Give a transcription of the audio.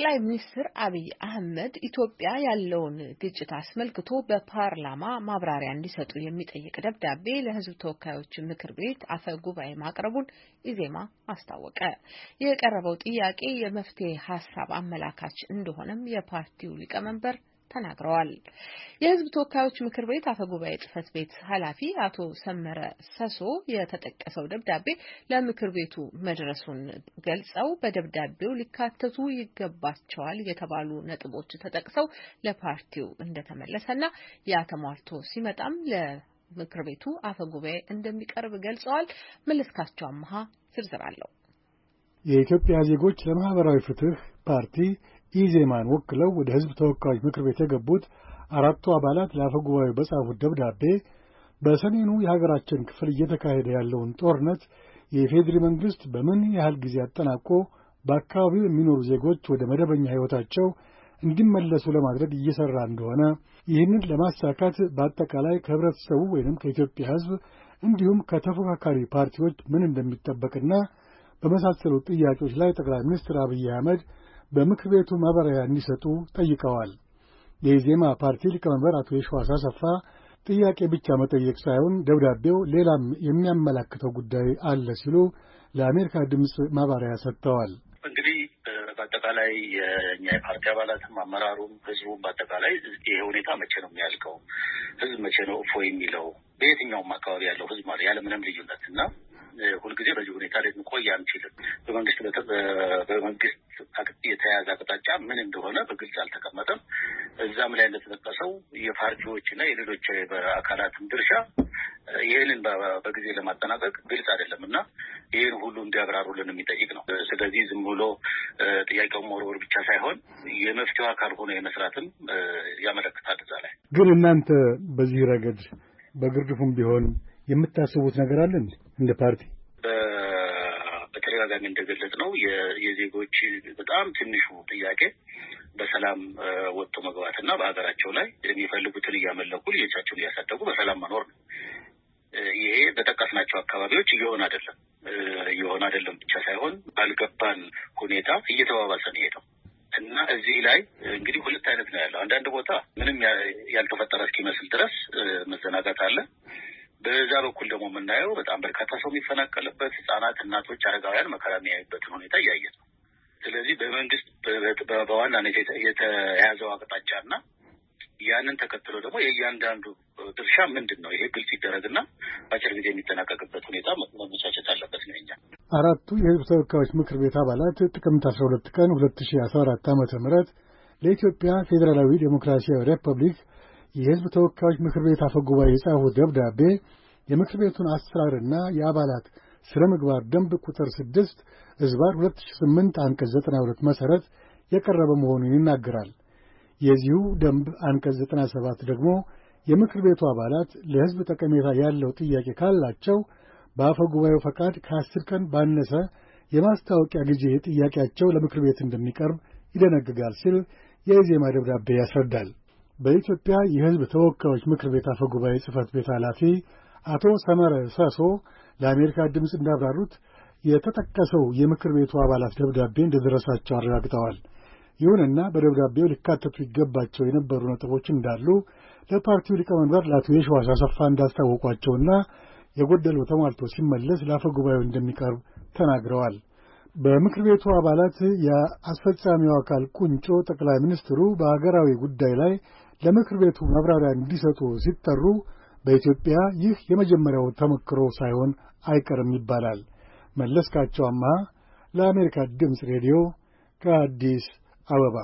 ጠቅላይ ሚኒስትር አብይ አህመድ ኢትዮጵያ ያለውን ግጭት አስመልክቶ በፓርላማ ማብራሪያ እንዲሰጡ የሚጠይቅ ደብዳቤ ለሕዝብ ተወካዮች ምክር ቤት አፈ ጉባኤ ማቅረቡን ኢዜማ አስታወቀ። የቀረበው ጥያቄ የመፍትሄ ሀሳብ አመላካች እንደሆነም የፓርቲው ሊቀመንበር ተናግረዋል። የህዝብ ተወካዮች ምክር ቤት አፈ ጉባኤ ጽህፈት ቤት ኃላፊ አቶ ሰመረ ሰሶ የተጠቀሰው ደብዳቤ ለምክር ቤቱ መድረሱን ገልጸው በደብዳቤው ሊካተቱ ይገባቸዋል የተባሉ ነጥቦች ተጠቅሰው ለፓርቲው እንደተመለሰና ያ ተሟልቶ ሲመጣም ለምክር ቤቱ አፈ ጉባኤ እንደሚቀርብ ገልጸዋል። መለስካቸው አመሃ ዝርዝር አለው። የኢትዮጵያ ዜጎች ለማህበራዊ ፍትህ ፓርቲ ኢዜማን ወክለው ወደ ሕዝብ ተወካዮች ምክር ቤት የገቡት አራቱ አባላት ለአፈ ጉባኤው በጻፉት ደብዳቤ በሰሜኑ የሀገራችን ክፍል እየተካሄደ ያለውን ጦርነት የኢፌዴሪ መንግሥት በምን ያህል ጊዜ አጠናቆ በአካባቢው የሚኖሩ ዜጎች ወደ መደበኛ ሕይወታቸው እንዲመለሱ ለማድረግ እየሠራ እንደሆነ ይህንን ለማሳካት በአጠቃላይ ከህብረተሰቡ ወይም ከኢትዮጵያ ሕዝብ እንዲሁም ከተፎካካሪ ፓርቲዎች ምን እንደሚጠበቅና በመሳሰሉ ጥያቄዎች ላይ ጠቅላይ ሚኒስትር አብይ አህመድ በምክር ቤቱ ማብራሪያ እንዲሰጡ ጠይቀዋል። የኢዜማ ፓርቲ ሊቀመንበር አቶ የሸዋስ አሰፋ ጥያቄ ብቻ መጠየቅ ሳይሆን ደብዳቤው ሌላም የሚያመላክተው ጉዳይ አለ ሲሉ ለአሜሪካ ድምፅ ማብራሪያ ሰጥተዋል። እንግዲህ በአጠቃላይ የእኛ የፓርቲ አባላትም አመራሩም ህዝቡም በአጠቃላይ ይሄ ሁኔታ መቼ ነው የሚያልቀው? ህዝብ መቼ ነው እፎ የሚለው? በየትኛውም አካባቢ ያለው ህዝብ ማለት ያለምንም ልዩነት እና ሁልጊዜ በዚህ ሁኔታ ልንቆይ አንችልም። በመንግስት በመንግስት የተያዘ አቅጣጫ ምን እንደሆነ በግልጽ አልተቀመጠም። እዛም ላይ እንደተጠቀሰው የፓርቲዎችና የሌሎች አካላትም ድርሻ ይህንን በጊዜ ለማጠናቀቅ ግልጽ አይደለም እና ይህን ሁሉ እንዲያብራሩልን የሚጠይቅ ነው። ስለዚህ ዝም ብሎ ጥያቄው መወርወር ብቻ ሳይሆን የመፍትሄ አካል ሆኖ የመስራትም ያመለክታል። እዛ ላይ ግን እናንተ በዚህ ረገድ በግርድፉም ቢሆን የምታስቡት ነገር አለ እንደ ፓርቲ? በተደጋጋሚ እንደገለጽ ነው የዜጎች በጣም ትንሹ ጥያቄ በሰላም ወጥቶ መግባት እና በሀገራቸው ላይ የሚፈልጉትን እያመለኩ ልጆቻቸውን እያሳደጉ በሰላም መኖር ነው። ይሄ በጠቀስናቸው አካባቢዎች እየሆነ አይደለም። እየሆነ አይደለም ብቻ ሳይሆን ባልገባን ሁኔታ እየተባባሰ ነው የሄደው እና እዚህ ላይ እንግዲህ ሁለት አይነት ነው ያለው። አንዳንድ ቦታ ምንም ያልተፈጠረ እስኪመስል ድረስ መዘናጋት አለ። በዛ በኩል ደግሞ የምናየው በጣም በርካታ ሰው የሚፈናቀልበት ህጻናት፣ እናቶች፣ አረጋውያን መከራ የሚያዩበትን ሁኔታ እያየ ነው። ስለዚህ በመንግስት በዋናነት የተያዘው አቅጣጫ እና ያንን ተከትሎ ደግሞ የእያንዳንዱ ድርሻ ምንድን ነው? ይሄ ግልጽ ይደረግና በአጭር ጊዜ የሚጠናቀቅበት ሁኔታ መመቻቸት አለበት ነው ይኛል። አራቱ የህዝብ ተወካዮች ምክር ቤት አባላት ጥቅምት አስራ ሁለት ቀን ሁለት ሺ አስራ አራት ዓመተ ምህረት ለኢትዮጵያ ፌዴራላዊ ዴሞክራሲያዊ ሪፐብሊክ የሕዝብ ተወካዮች ምክር ቤት አፈ ጉባኤ የጻፉት ደብዳቤ የምክር ቤቱን አሰራርና የአባላት ሥነ ምግባር ደንብ ቁጥር 6 ዕዝባር 2008 አንቀጽ 92 መሠረት የቀረበ መሆኑን ይናገራል። የዚሁ ደንብ አንቀጽ 97 ደግሞ የምክር ቤቱ አባላት ለሕዝብ ጠቀሜታ ያለው ጥያቄ ካላቸው በአፈ ጉባኤው ፈቃድ ከአስር ቀን ባነሰ የማስታወቂያ ጊዜ ጥያቄያቸው ለምክር ቤት እንደሚቀርብ ይደነግጋል ሲል የኢዜማ ደብዳቤ ያስረዳል። በኢትዮጵያ የሕዝብ ተወካዮች ምክር ቤት አፈ ጉባኤ ጽህፈት ቤት ኃላፊ አቶ ሰመረ ሰሶ ለአሜሪካ ድምፅ እንዳብራሩት የተጠቀሰው የምክር ቤቱ አባላት ደብዳቤ እንደደረሳቸው አረጋግጠዋል። ይሁንና በደብዳቤው ሊካተቱ ይገባቸው የነበሩ ነጥቦች እንዳሉ ለፓርቲው ሊቀመንበር ለአቶ የሸዋስ አሰፋ እንዳስታወቋቸውና የጎደለው ተሟልቶ ሲመለስ ለአፈ ጉባኤው እንደሚቀርብ ተናግረዋል። በምክር ቤቱ አባላት የአስፈጻሚው አካል ቁንጮ ጠቅላይ ሚኒስትሩ በሀገራዊ ጉዳይ ላይ ለምክር ቤቱ ማብራሪያ እንዲሰጡ ሲጠሩ በኢትዮጵያ ይህ የመጀመሪያው ተሞክሮ ሳይሆን አይቀርም ይባላል። መለስካቸው አማሃ ለአሜሪካ ድምፅ ሬዲዮ ከአዲስ አበባ